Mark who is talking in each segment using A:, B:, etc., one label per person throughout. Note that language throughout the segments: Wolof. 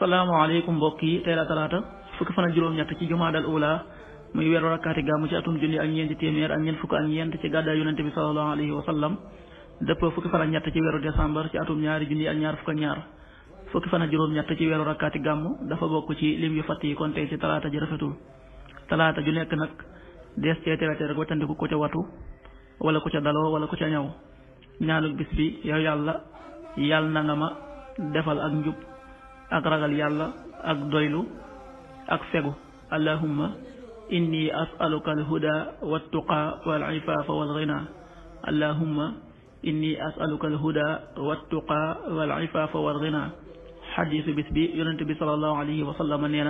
A: salaamaaleykum mbokk yi tey la talaata fukki fan juróom-ñett ci jumaadal ula muy weer rakkaati gàmmu ci atum junni ak ñeenti téeméer ak ñeent fukk ak ñeent ci gàddaay yonente bi sallallahu alayhi wa sallam dëppoo fukki fan ak ñett ci weeru décembre ci atum ñaari junni ak ñaar fukk ak ñaar fukki fan juróom-ñett ci weeru rakkaati gàmmu dafa bokk ci lim yu fàtt yi kon tey ci talaata ji rafetul talaata ju nekk nag dees cee terate rek wattandiku ko ca watu wala ko ca daloo wala ko ca ñaw ñaanuk bis bi yow yàlla yàlla na nga ma defal ak njub ak ragal yàlla ak doylu ak fegu allahumma inni asaluka alhuda waltuqa walifaafa walghina allahumma inni asaluka alhuda waltuqa walifaafa walghina xadiisu bis bi yonent bi sallallahu alayhi wa sallam nee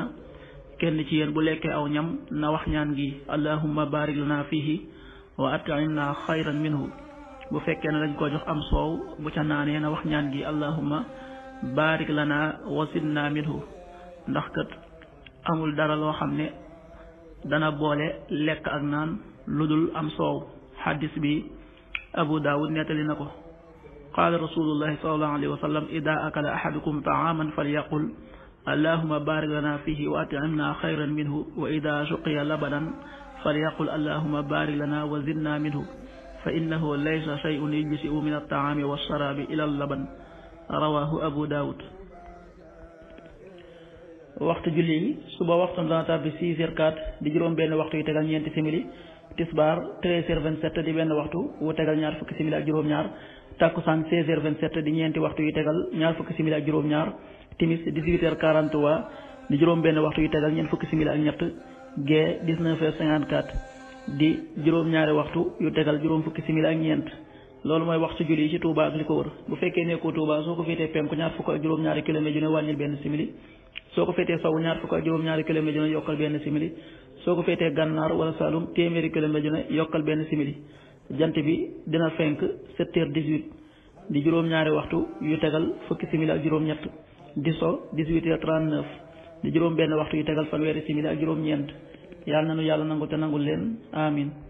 A: kenn ci yéen bu lekke aw ñam na wax ñaan gi allahumma barik lana fihi wa atimna xayran minhu bu fekkee ne dañ ko jox am soow bu ca naanee na wax ñaan allahumma baarik lana wasidna minhu ndax kat amul dara loo xam ne dana boole lekk ak naan lu dul am soow xaddis bi abu daawud nettali na ko qaala rasulullahi sallallahu alayhi wa sallam ida akala ahadukum taaman falyaqul allahuma baarik lana fihi wa atimna xayran minhu wa ida suqiya labanan falyaqul allahuma baarik lana wa zidna minhu fa innahu laysa shay'un yujzi'u min altaami walsharabi ila allaban rawaahu abu daawud waxtu julli yi suba waxtu dana tàbbi six heures quatre di juróom benn waxtu yu tegal ñeenti simili tisbaar treize heures vingt sept di benn waxtu wu tegal ñaar fukki simili ak juróom-ñaar takkusaan seize heures vingt sept di ñeenti waxtu yu tegal ñaar fukki simili ak juróom-ñaar timis dix-huit heures quarante trois di juróom benn waxtu yu tegal ñeent fukki simili ak ñett gee dix-neuf heures cinquante quatre di juróom-ñaari waxtu yu tegal juróom fukki simili ak ñeent loolu mooy wax ci julli yi ci Touba ak li ko wër bu fekkee nekkoo Touba soo ko féetee penku ñaar fukk ak juróom-ñaari kilomètre ju ne wàññil benn simili soo ko féetee sowu ñaar fukk ak juróom-ñaari kilomètre ju ne yokkal benn simili soo ko féetee gànnaar wala Saloum téeméeri kilomètre ju ne yokkal benn simili jant bi dina fenk 7 heures 18 di juróom-ñaari waxtu yu tegal fukki simili ak juróom-ñett di so 18 heures 39 di juróom benn waxtu yu tegal fanweeri simili ak juróom-ñeent yàlla na nu yàlla nangu te nangul leen amin